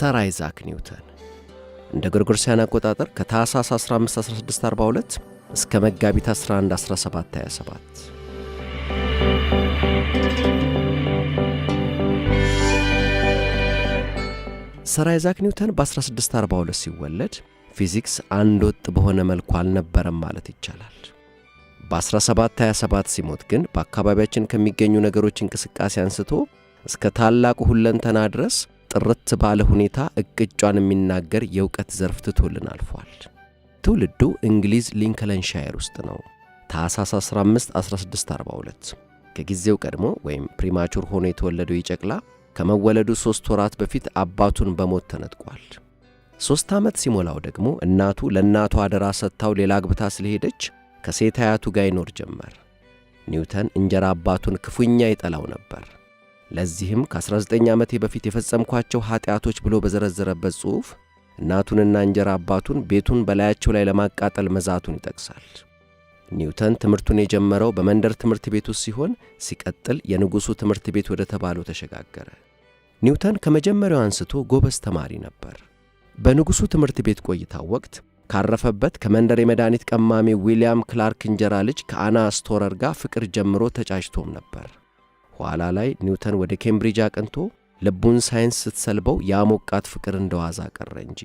ሰር አይዛክ ኒውተን እንደ ግርግርሲያን አቆጣጠር ከታህሳስ 15 1642 እስከ መጋቢት 11 1727 ሰር አይዛክ ኒውተን በ1642 ሲወለድ ፊዚክስ አንድ ወጥ በሆነ መልኩ አልነበረም ማለት ይቻላል። በ1727 ሲሞት ግን በአካባቢያችን ከሚገኙ ነገሮች እንቅስቃሴ አንስቶ እስከ ታላቁ ሁለንተና ድረስ ጥርት ባለ ሁኔታ እቅጯን የሚናገር የእውቀት ዘርፍ ትቶልን አልፏል። ትውልዱ እንግሊዝ ሊንከለንሻየር ውስጥ ነው። ታኅሳስ 15 1642 ከጊዜው ቀድሞ ወይም ፕሪማቹር ሆኖ የተወለደው ይጨቅላ ከመወለዱ ሦስት ወራት በፊት አባቱን በሞት ተነጥቋል። ሦስት ዓመት ሲሞላው ደግሞ እናቱ ለእናቱ አደራ ሰጥታው ሌላ አግብታ ስለሄደች ከሴት አያቱ ጋር ይኖር ጀመር። ኒውተን እንጀራ አባቱን ክፉኛ ይጠላው ነበር። ለዚህም ከ19 ዓመቴ በፊት የፈጸምኳቸው ኀጢአቶች ብሎ በዘረዘረበት ጽሑፍ እናቱንና እንጀራ አባቱን ቤቱን በላያቸው ላይ ለማቃጠል መዛቱን ይጠቅሳል። ኒውተን ትምህርቱን የጀመረው በመንደር ትምህርት ቤት ውስጥ ሲሆን ሲቀጥል የንጉሡ ትምህርት ቤት ወደ ተባለው ተሸጋገረ። ኒውተን ከመጀመሪያው አንስቶ ጎበዝ ተማሪ ነበር። በንጉሡ ትምህርት ቤት ቆይታው ወቅት ካረፈበት ከመንደር የመድኃኒት ቀማሚ ዊልያም ክላርክ እንጀራ ልጅ ከአና ስቶረር ጋር ፍቅር ጀምሮ ተጫጭቶም ነበር። ኋላ ላይ ኒውተን ወደ ኬምብሪጅ አቅንቶ ልቡን ሳይንስ ስትሰልበው ያሞቃት ፍቅር እንደዋዛ ቀረ እንጂ።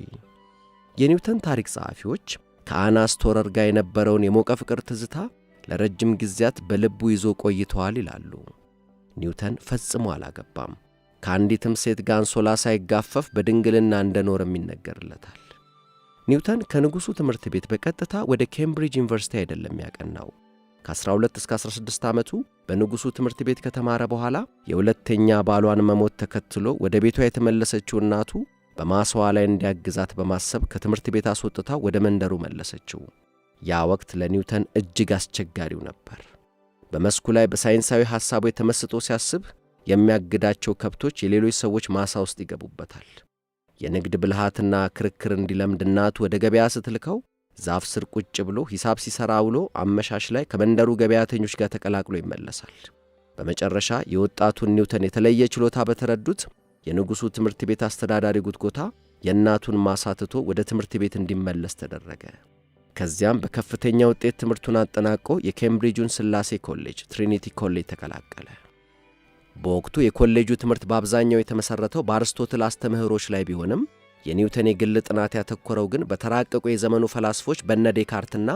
የኒውተን ታሪክ ጸሐፊዎች ከአና ስቶረር ጋር የነበረውን የሞቀ ፍቅር ትዝታ ለረጅም ጊዜያት በልቡ ይዞ ቆይተዋል ይላሉ። ኒውተን ፈጽሞ አላገባም። ከአንዲትም ሴት ጋር አንሶላ ሳይጋፈፍ በድንግልና እንደኖረም ይነገርለታል። ኒውተን ከንጉሡ ትምህርት ቤት በቀጥታ ወደ ኬምብሪጅ ዩኒቨርሲቲ አይደለም ያቀናው ከ12 እስከ 16 ዓመቱ በንጉሡ ትምህርት ቤት ከተማረ በኋላ የሁለተኛ ባሏን መሞት ተከትሎ ወደ ቤቷ የተመለሰችው እናቱ በማሰዋ ላይ እንዲያግዛት በማሰብ ከትምህርት ቤት አስወጥታ ወደ መንደሩ መለሰችው። ያ ወቅት ለኒውተን እጅግ አስቸጋሪው ነበር። በመስኩ ላይ በሳይንሳዊ ሐሳቡ የተመስጦ ሲያስብ የሚያግዳቸው ከብቶች የሌሎች ሰዎች ማሳ ውስጥ ይገቡበታል። የንግድ ብልሃትና ክርክር እንዲለምድ እናቱ ወደ ገበያ ስትልከው ዛፍ ስር ቁጭ ብሎ ሂሳብ ሲሰራ ውሎ አመሻሽ ላይ ከመንደሩ ገበያተኞች ጋር ተቀላቅሎ ይመለሳል። በመጨረሻ የወጣቱን ኒውተን የተለየ ችሎታ በተረዱት የንጉሡ ትምህርት ቤት አስተዳዳሪ ጉትጎታ የእናቱን ማሳትቶ ወደ ትምህርት ቤት እንዲመለስ ተደረገ። ከዚያም በከፍተኛ ውጤት ትምህርቱን አጠናቆ የኬምብሪጁን ስላሴ ኮሌጅ ትሪኒቲ ኮሌጅ ተቀላቀለ። በወቅቱ የኮሌጁ ትምህርት በአብዛኛው የተመሠረተው በአርስቶትል አስተምህሮች ላይ ቢሆንም የኒውተን የግል ጥናት ያተኮረው ግን በተራቀቁ የዘመኑ ፈላስፎች በነ ዴካርትና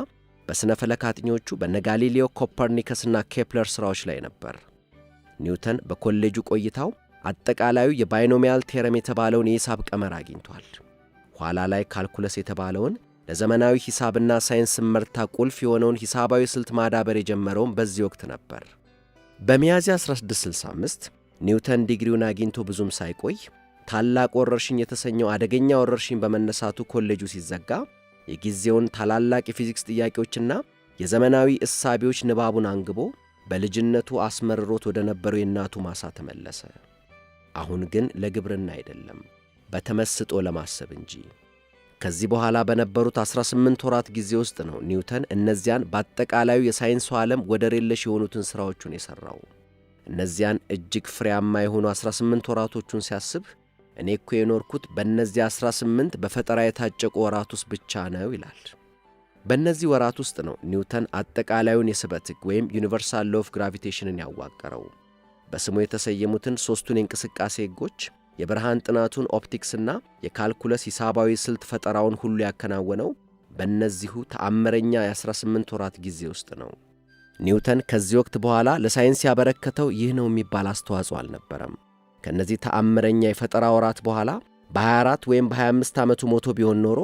በሥነ ፈለክ አጥኚዎቹ በነ ጋሊሌዮ ኮፐርኒከስና ኬፕለር ሥራዎች ላይ ነበር። ኒውተን በኮሌጁ ቆይታው አጠቃላዩ የባይኖሚያል ቴረም የተባለውን የሂሳብ ቀመር አግኝቷል። ኋላ ላይ ካልኩለስ የተባለውን ለዘመናዊ ሂሳብና ሳይንስ መርታ ቁልፍ የሆነውን ሂሳባዊ ስልት ማዳበር የጀመረውም በዚህ ወቅት ነበር። በሚያዝያ 1665 ኒውተን ዲግሪውን አግኝቶ ብዙም ሳይቆይ ታላቅ ወረርሽኝ የተሰኘው አደገኛ ወረርሽኝ በመነሳቱ ኮሌጁ ሲዘጋ የጊዜውን ታላላቅ የፊዚክስ ጥያቄዎችና የዘመናዊ እሳቤዎች ንባቡን አንግቦ በልጅነቱ አስመርሮት ወደ ነበረው የእናቱ ማሳ ተመለሰ። አሁን ግን ለግብርና አይደለም፣ በተመስጦ ለማሰብ እንጂ። ከዚህ በኋላ በነበሩት 18 ወራት ጊዜ ውስጥ ነው ኒውተን እነዚያን በአጠቃላዩ የሳይንሱ ዓለም ወደር የለሽ የሆኑትን ሥራዎቹን የሠራው። እነዚያን እጅግ ፍሬያማ የሆኑ 18 ወራቶቹን ሲያስብ እኔ እኮ የኖርኩት በእነዚህ 18 በፈጠራ የታጨቁ ወራት ውስጥ ብቻ ነው ይላል። በእነዚህ ወራት ውስጥ ነው ኒውተን አጠቃላዩን የስበት ሕግ ወይም ዩኒቨርሳል ሎው ኦፍ ግራቪቴሽንን ያዋቀረው። በስሙ የተሰየሙትን ሦስቱን የእንቅስቃሴ ሕጎች የብርሃን ጥናቱን ኦፕቲክስና የካልኩለስ ሂሳባዊ ስልት ፈጠራውን ሁሉ ያከናወነው በእነዚሁ ተአምረኛ የ18 ወራት ጊዜ ውስጥ ነው። ኒውተን ከዚህ ወቅት በኋላ ለሳይንስ ያበረከተው ይህ ነው የሚባል አስተዋጽኦ አልነበረም። ከእነዚህ ተአምረኛ የፈጠራ ወራት በኋላ በ24 ወይም በ25 ዓመቱ ሞቶ ቢሆን ኖሮ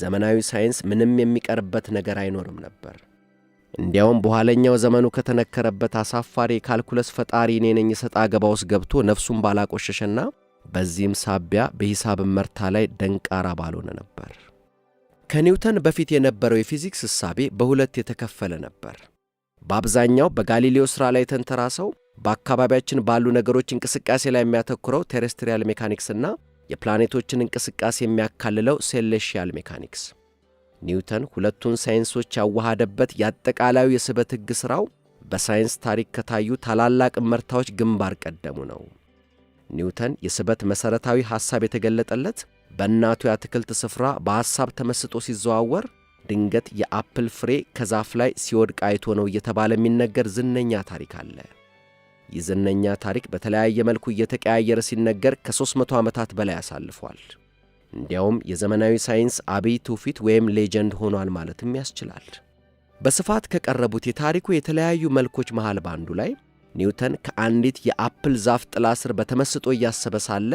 ዘመናዊ ሳይንስ ምንም የሚቀርበት ነገር አይኖርም ነበር። እንዲያውም በኋለኛው ዘመኑ ከተነከረበት አሳፋሪ የካልኩለስ ፈጣሪ እኔ ነኝ የሰጣ ውስጥ ገብቶ ነፍሱን ባላቆሸሸና በዚህም ሳቢያ በሂሳብ መርታ ላይ ደንቃራ ባልሆነ ነበር። ከኒውተን በፊት የነበረው የፊዚክስ እሳቤ በሁለት የተከፈለ ነበር። በአብዛኛው በጋሊሌዮ ሥራ ላይ ተንተራሰው በአካባቢያችን ባሉ ነገሮች እንቅስቃሴ ላይ የሚያተኩረው ቴሬስትሪያል ሜካኒክስ እና የፕላኔቶችን እንቅስቃሴ የሚያካልለው ሴሌሽያል ሜካኒክስ። ኒውተን ሁለቱን ሳይንሶች ያዋሃደበት የአጠቃላዩ የስበት ሕግ ሥራው በሳይንስ ታሪክ ከታዩ ታላላቅ እመርታዎች ግንባር ቀደሙ ነው። ኒውተን የስበት መሠረታዊ ሐሳብ የተገለጠለት በእናቱ የአትክልት ስፍራ በሐሳብ ተመስጦ ሲዘዋወር ድንገት የአፕል ፍሬ ከዛፍ ላይ ሲወድቅ አይቶ ነው እየተባለ የሚነገር ዝነኛ ታሪክ አለ። ይህ ዝነኛ ታሪክ በተለያየ መልኩ እየተቀያየረ ሲነገር ከ300 ዓመታት በላይ አሳልፏል። እንዲያውም የዘመናዊ ሳይንስ አብይ ትውፊት ወይም ሌጀንድ ሆኗል ማለትም ያስችላል። በስፋት ከቀረቡት የታሪኩ የተለያዩ መልኮች መሃል ባንዱ ላይ ኒውተን ከአንዲት የአፕል ዛፍ ጥላ ስር በተመስጦ እያሰበ ሳለ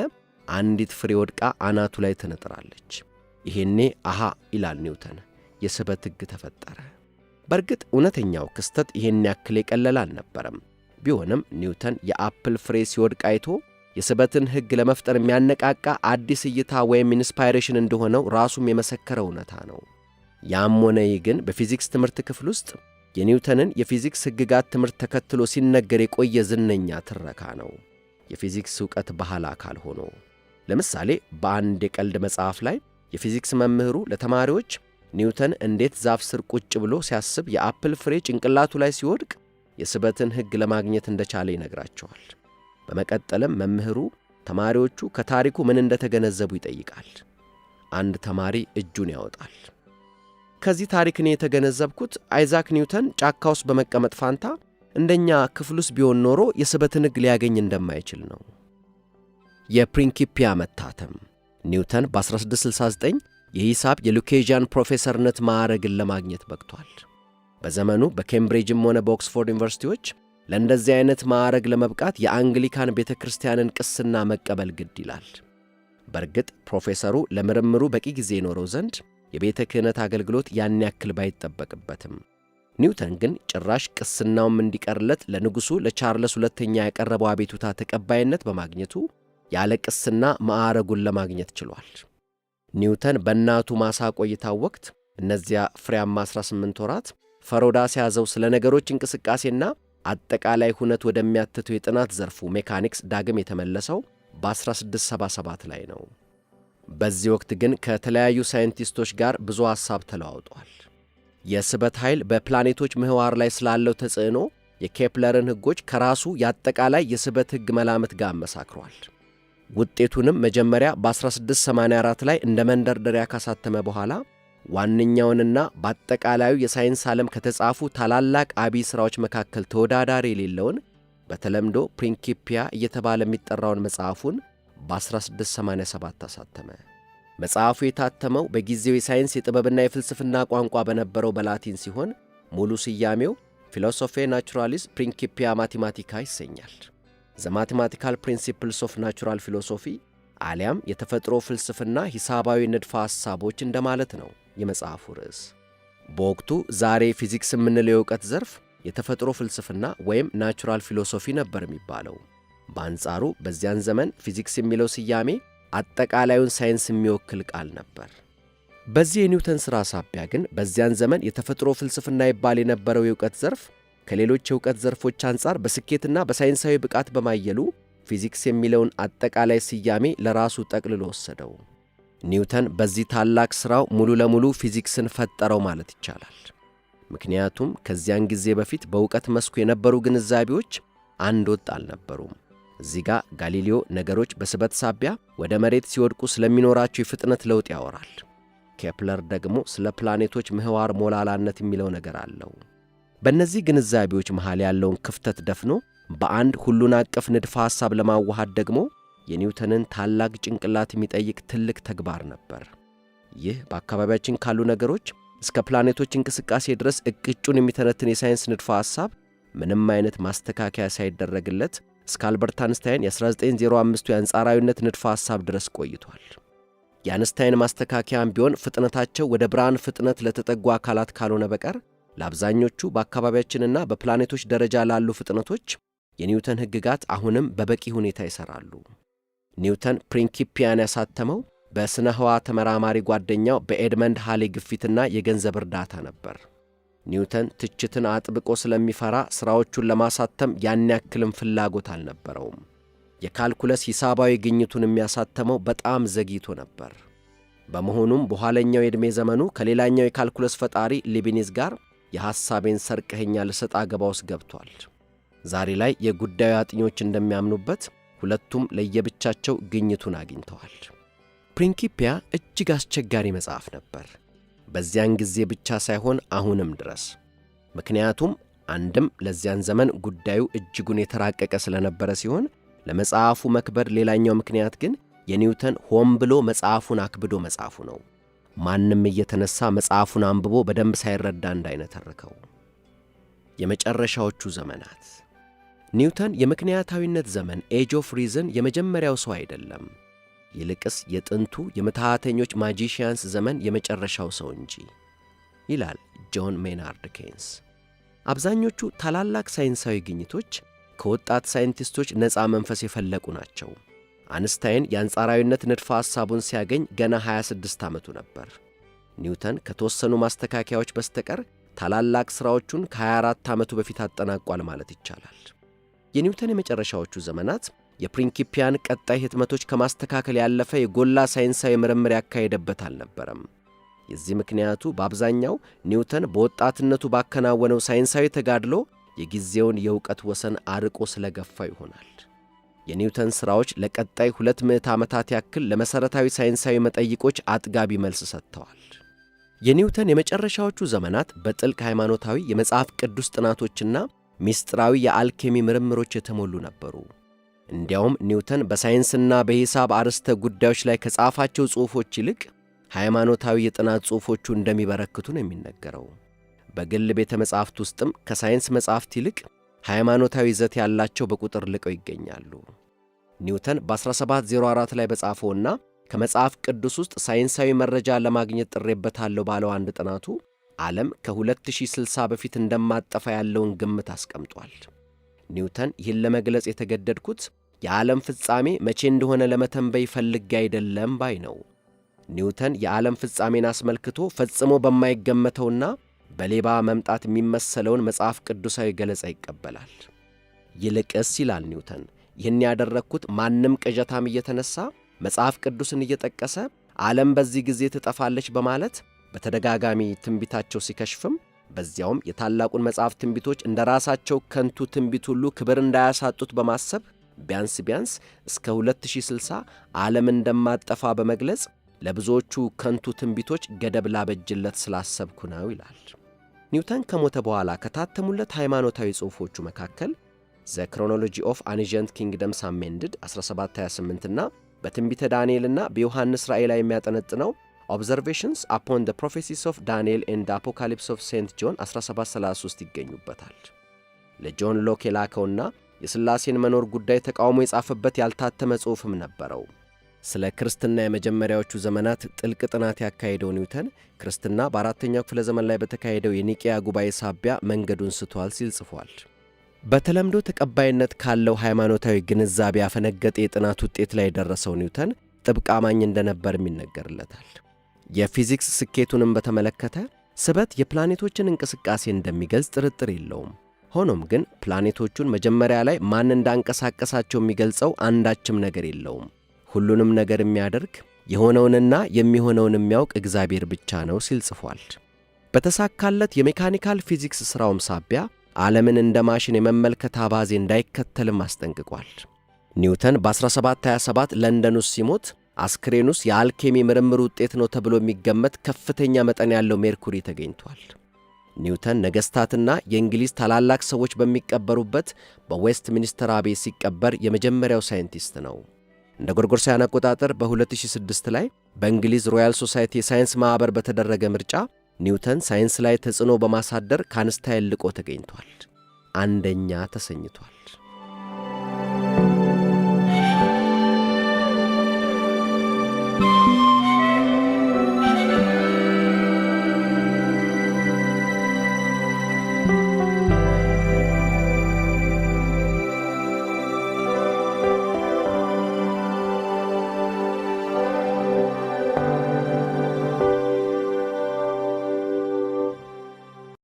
አንዲት ፍሬ ወድቃ አናቱ ላይ ትነጥራለች። ይሄኔ አሃ ይላል ኒውተን፣ የስበት ሕግ ተፈጠረ። በእርግጥ እውነተኛው ክስተት ይሄን ያክል የቀለለ አልነበረም። ቢሆንም ኒውተን የአፕል ፍሬ ሲወድቅ አይቶ የስበትን ሕግ ለመፍጠር የሚያነቃቃ አዲስ እይታ ወይም ኢንስፓይሬሽን እንደሆነው ራሱም የመሰከረ እውነታ ነው። ያም ሆነ ይህ ግን በፊዚክስ ትምህርት ክፍል ውስጥ የኒውተንን የፊዚክስ ሕግጋት ትምህርት ተከትሎ ሲነገር የቆየ ዝነኛ ትረካ ነው። የፊዚክስ ዕውቀት ባህል አካል ሆኖ ለምሳሌ በአንድ የቀልድ መጽሐፍ ላይ የፊዚክስ መምህሩ ለተማሪዎች ኒውተን እንዴት ዛፍ ስር ቁጭ ብሎ ሲያስብ የአፕል ፍሬ ጭንቅላቱ ላይ ሲወድቅ የስበትን ሕግ ለማግኘት እንደቻለ ይነግራቸዋል። በመቀጠልም መምህሩ ተማሪዎቹ ከታሪኩ ምን እንደተገነዘቡ ይጠይቃል። አንድ ተማሪ እጁን ያወጣል። ከዚህ ታሪክ እኔ የተገነዘብኩት አይዛክ ኒውተን ጫካ ውስጥ በመቀመጥ ፋንታ እንደኛ ክፍል ውስጥ ቢሆን ኖሮ የስበትን ሕግ ሊያገኝ እንደማይችል ነው። የፕሪንኪፒያ መታተም ኒውተን በ1669 የሂሳብ የሉኬዥያን ፕሮፌሰርነት ማዕረግን ለማግኘት በቅቷል። በዘመኑ በኬምብሪጅም ሆነ በኦክስፎርድ ዩኒቨርሲቲዎች ለእንደዚህ አይነት ማዕረግ ለመብቃት የአንግሊካን ቤተ ክርስቲያንን ቅስና መቀበል ግድ ይላል። በእርግጥ ፕሮፌሰሩ ለምርምሩ በቂ ጊዜ ይኖረው ዘንድ የቤተ ክህነት አገልግሎት ያን ያክል ባይጠበቅበትም፣ ኒውተን ግን ጭራሽ ቅስናውም እንዲቀርለት ለንጉሡ ለቻርለስ ሁለተኛ ያቀረበው አቤቱታ ተቀባይነት በማግኘቱ ያለ ቅስና ማዕረጉን ለማግኘት ችሏል። ኒውተን በእናቱ ማሳ ቆይታው ወቅት እነዚያ ፍሬያማ 18 ወራት ፈሮዳ ሲያዘው ስለ ነገሮች እንቅስቃሴና አጠቃላይ ሁነት ወደሚያትተው የጥናት ዘርፉ ሜካኒክስ ዳግም የተመለሰው በ1677 ላይ ነው። በዚህ ወቅት ግን ከተለያዩ ሳይንቲስቶች ጋር ብዙ ሐሳብ ተለዋውጧል። የስበት ኃይል በፕላኔቶች ምህዋር ላይ ስላለው ተጽዕኖ የኬፕለርን ሕጎች ከራሱ የአጠቃላይ የስበት ሕግ መላምት ጋር አመሳክሯል። ውጤቱንም መጀመሪያ በ1684 ላይ እንደ መንደርደሪያ ካሳተመ በኋላ ዋነኛውንና በአጠቃላዩ የሳይንስ ዓለም ከተጻፉ ታላላቅ አብይ ሥራዎች መካከል ተወዳዳሪ የሌለውን በተለምዶ ፕሪንኪፒያ እየተባለ የሚጠራውን መጽሐፉን በ1687 አሳተመ። መጽሐፉ የታተመው በጊዜው የሳይንስ የጥበብና የፍልስፍና ቋንቋ በነበረው በላቲን ሲሆን ሙሉ ስያሜው ፊሎሶፌ ናቹራሊስ ፕሪንኪፒያ ማቴማቲካ ይሰኛል። ዘ ማቴማቲካል ፕሪንሲፕልስ ኦፍ ናቹራል ፊሎሶፊ አሊያም የተፈጥሮ ፍልስፍና ሂሳባዊ ንድፈ ሐሳቦች እንደማለት ነው። የመጽሐፉ ርዕስ። በወቅቱ ዛሬ ፊዚክስ የምንለው የእውቀት ዘርፍ የተፈጥሮ ፍልስፍና ወይም ናቹራል ፊሎሶፊ ነበር የሚባለው። በአንጻሩ በዚያን ዘመን ፊዚክስ የሚለው ስያሜ አጠቃላዩን ሳይንስ የሚወክል ቃል ነበር። በዚህ የኒውተን ሥራ ሳቢያ ግን በዚያን ዘመን የተፈጥሮ ፍልስፍና ይባል የነበረው የእውቀት ዘርፍ ከሌሎች የእውቀት ዘርፎች አንጻር በስኬትና በሳይንሳዊ ብቃት በማየሉ ፊዚክስ የሚለውን አጠቃላይ ስያሜ ለራሱ ጠቅልሎ ወሰደው። ኒውተን በዚህ ታላቅ ሥራው ሙሉ ለሙሉ ፊዚክስን ፈጠረው ማለት ይቻላል። ምክንያቱም ከዚያን ጊዜ በፊት በእውቀት መስኩ የነበሩ ግንዛቤዎች አንድ ወጥ አልነበሩም። እዚህ ጋር ጋሊሌዮ ነገሮች በስበት ሳቢያ ወደ መሬት ሲወድቁ ስለሚኖራቸው የፍጥነት ለውጥ ያወራል። ኬፕለር ደግሞ ስለ ፕላኔቶች ምህዋር ሞላላነት የሚለው ነገር አለው። በእነዚህ ግንዛቤዎች መሃል ያለውን ክፍተት ደፍኖ በአንድ ሁሉን አቀፍ ንድፈ ሐሳብ ለማዋሃድ ደግሞ የኒውተንን ታላቅ ጭንቅላት የሚጠይቅ ትልቅ ተግባር ነበር። ይህ በአካባቢያችን ካሉ ነገሮች እስከ ፕላኔቶች እንቅስቃሴ ድረስ እቅጩን የሚተነትን የሳይንስ ንድፈ ሐሳብ ምንም አይነት ማስተካከያ ሳይደረግለት እስከ አልበርት አንስታይን የ1905ቱ የአንጻራዊነት ንድፈ ሐሳብ ድረስ ቆይቷል። የአንስታይን ማስተካከያም ቢሆን ፍጥነታቸው ወደ ብርሃን ፍጥነት ለተጠጉ አካላት ካልሆነ በቀር ለአብዛኞቹ በአካባቢያችንና በፕላኔቶች ደረጃ ላሉ ፍጥነቶች የኒውተን ሕግጋት አሁንም በበቂ ሁኔታ ይሠራሉ። ኒውተን ፕሪንኪፒያን ያሳተመው በሥነ ሕዋ ተመራማሪ ጓደኛው በኤድመንድ ሃሌ ግፊትና የገንዘብ እርዳታ ነበር። ኒውተን ትችትን አጥብቆ ስለሚፈራ ሥራዎቹን ለማሳተም ያን ያክልም ፍላጎት አልነበረውም። የካልኩለስ ሂሳባዊ ግኝቱን የሚያሳተመው በጣም ዘግይቶ ነበር። በመሆኑም በኋለኛው የዕድሜ ዘመኑ ከሌላኛው የካልኩለስ ፈጣሪ ሊቢኒዝ ጋር የሐሳቤን ሰርቀኸኛ ልሰጥ አገባ ውስጥ ገብቷል። ዛሬ ላይ የጉዳዩ አጥኞች እንደሚያምኑበት ሁለቱም ለየብቻቸው ግኝቱን አግኝተዋል። ፕሪንኪፒያ እጅግ አስቸጋሪ መጽሐፍ ነበር፣ በዚያን ጊዜ ብቻ ሳይሆን አሁንም ድረስ። ምክንያቱም አንድም ለዚያን ዘመን ጉዳዩ እጅጉን የተራቀቀ ስለነበረ ሲሆን ለመጽሐፉ መክበር ሌላኛው ምክንያት ግን የኒውተን ሆን ብሎ መጽሐፉን አክብዶ መጽሐፉ ነው። ማንም እየተነሳ መጽሐፉን አንብቦ በደንብ ሳይረዳ እንዳይነተርከው የመጨረሻዎቹ ዘመናት ኒውተን የምክንያታዊነት ዘመን ኤጅ ኦፍ ሪዝን የመጀመሪያው ሰው አይደለም፣ ይልቅስ የጥንቱ የመታሃተኞች ማጂሽያንስ ዘመን የመጨረሻው ሰው እንጂ ይላል ጆን ሜናርድ ኬንስ። አብዛኞቹ ታላላቅ ሳይንሳዊ ግኝቶች ከወጣት ሳይንቲስቶች ነፃ መንፈስ የፈለቁ ናቸው። አንስታይን የአንጻራዊነት ንድፈ ሐሳቡን ሲያገኝ ገና 26 ዓመቱ ነበር። ኒውተን ከተወሰኑ ማስተካከያዎች በስተቀር ታላላቅ ሥራዎቹን ከ24 ዓመቱ በፊት አጠናቋል ማለት ይቻላል። የኒውተን የመጨረሻዎቹ ዘመናት የፕሪንኪፒያን ቀጣይ ህትመቶች ከማስተካከል ያለፈ የጎላ ሳይንሳዊ ምርምር ያካሄደበት አልነበረም። የዚህ ምክንያቱ በአብዛኛው ኒውተን በወጣትነቱ ባከናወነው ሳይንሳዊ ተጋድሎ የጊዜውን የእውቀት ወሰን አርቆ ስለገፋ ይሆናል። የኒውተን ሥራዎች ለቀጣይ ሁለት ምዕት ዓመታት ያክል ለመሠረታዊ ሳይንሳዊ መጠይቆች አጥጋቢ መልስ ሰጥተዋል። የኒውተን የመጨረሻዎቹ ዘመናት በጥልቅ ሃይማኖታዊ የመጽሐፍ ቅዱስ ጥናቶችና ሚስጥራዊ የአልኬሚ ምርምሮች የተሞሉ ነበሩ። እንዲያውም ኒውተን በሳይንስና በሂሳብ አርዕስተ ጉዳዮች ላይ ከጻፋቸው ጽሑፎች ይልቅ ሃይማኖታዊ የጥናት ጽሑፎቹ እንደሚበረክቱ ነው የሚነገረው። በግል ቤተ መጻሕፍት ውስጥም ከሳይንስ መጻሕፍት ይልቅ ሃይማኖታዊ ይዘት ያላቸው በቁጥር ልቀው ይገኛሉ። ኒውተን በ1704 ላይ በጻፈውና ከመጽሐፍ ቅዱስ ውስጥ ሳይንሳዊ መረጃ ለማግኘት ጥሬበታለሁ ባለው አንድ ጥናቱ ዓለም ከ2060 በፊት እንደማጠፋ ያለውን ግምት አስቀምጧል። ኒውተን ይህን ለመግለጽ የተገደድኩት የዓለም ፍጻሜ መቼ እንደሆነ ለመተንበይ ፈልጌ አይደለም ባይ ነው። ኒውተን የዓለም ፍጻሜን አስመልክቶ ፈጽሞ በማይገመተውና በሌባ መምጣት የሚመሰለውን መጽሐፍ ቅዱሳዊ ገለጻ ይቀበላል። ይልቅስ ይላል ኒውተን፣ ይህን ያደረግኩት ማንም ቅዠታም እየተነሳ መጽሐፍ ቅዱስን እየጠቀሰ ዓለም በዚህ ጊዜ ትጠፋለች በማለት በተደጋጋሚ ትንቢታቸው ሲከሽፍም በዚያውም የታላቁን መጽሐፍ ትንቢቶች እንደ ራሳቸው ከንቱ ትንቢት ሁሉ ክብር እንዳያሳጡት በማሰብ ቢያንስ ቢያንስ እስከ 2060 ዓለም እንደማጠፋ በመግለጽ ለብዙዎቹ ከንቱ ትንቢቶች ገደብ ላበጅለት ስላሰብኩ ነው ይላል። ኒውተን ከሞተ በኋላ ከታተሙለት ሃይማኖታዊ ጽሑፎቹ መካከል ዘ ክሮኖሎጂ ኦፍ አኒዥንት ኪንግደም ሳሜንድድ 1728ና በትንቢተ ዳንኤልና በዮሐንስ ራእይ ላይ የሚያጠነጥነው ኦብዘርቬሽንስ አፖን ደ ፕሮፌሲስ ኦፍ ዳንኤል ኤንድ አፖካሊፕስ ኦፍ ሴንት ጆን 1733 ይገኙበታል። ለጆን ሎክ የላከውና የሥላሴን መኖር ጉዳይ ተቃውሞ የጻፈበት ያልታተመ ጽሑፍም ነበረው። ስለ ክርስትና የመጀመሪያዎቹ ዘመናት ጥልቅ ጥናት ያካሄደው ኒውተን ክርስትና በአራተኛው ክፍለ ዘመን ላይ በተካሄደው የኒቅያ ጉባኤ ሳቢያ መንገዱን ስቷል ሲል ጽፏል። በተለምዶ ተቀባይነት ካለው ሃይማኖታዊ ግንዛቤ ያፈነገጠ የጥናት ውጤት ላይ የደረሰው ኒውተን ጥብቅ አማኝ እንደነበርም ይነገርለታል። የፊዚክስ ስኬቱንም በተመለከተ ስበት የፕላኔቶችን እንቅስቃሴ እንደሚገልጽ ጥርጥር የለውም። ሆኖም ግን ፕላኔቶቹን መጀመሪያ ላይ ማን እንዳንቀሳቀሳቸው የሚገልጸው አንዳችም ነገር የለውም። ሁሉንም ነገር የሚያደርግ የሆነውንና የሚሆነውን የሚያውቅ እግዚአብሔር ብቻ ነው ሲል ጽፏል። በተሳካለት የሜካኒካል ፊዚክስ ሥራውም ሳቢያ ዓለምን እንደ ማሽን የመመልከት አባዜ እንዳይከተልም አስጠንቅቋል። ኒውተን በ1727 ለንደን ውስጥ ሲሞት አስክሬኑስ የአልኬሚ ምርምር ውጤት ነው ተብሎ የሚገመት ከፍተኛ መጠን ያለው ሜርኩሪ ተገኝቷል። ኒውተን ነገሥታትና የእንግሊዝ ታላላቅ ሰዎች በሚቀበሩበት በዌስት ሚኒስተር አቤ ሲቀበር የመጀመሪያው ሳይንቲስት ነው። እንደ ጎርጎርሳውያን አቆጣጠር በ2006 ላይ በእንግሊዝ ሮያል ሶሳይቲ የሳይንስ ማኅበር በተደረገ ምርጫ ኒውተን ሳይንስ ላይ ተጽዕኖ በማሳደር ከአንስታይን ልቆ ተገኝቷል። አንደኛ ተሰኝቷል።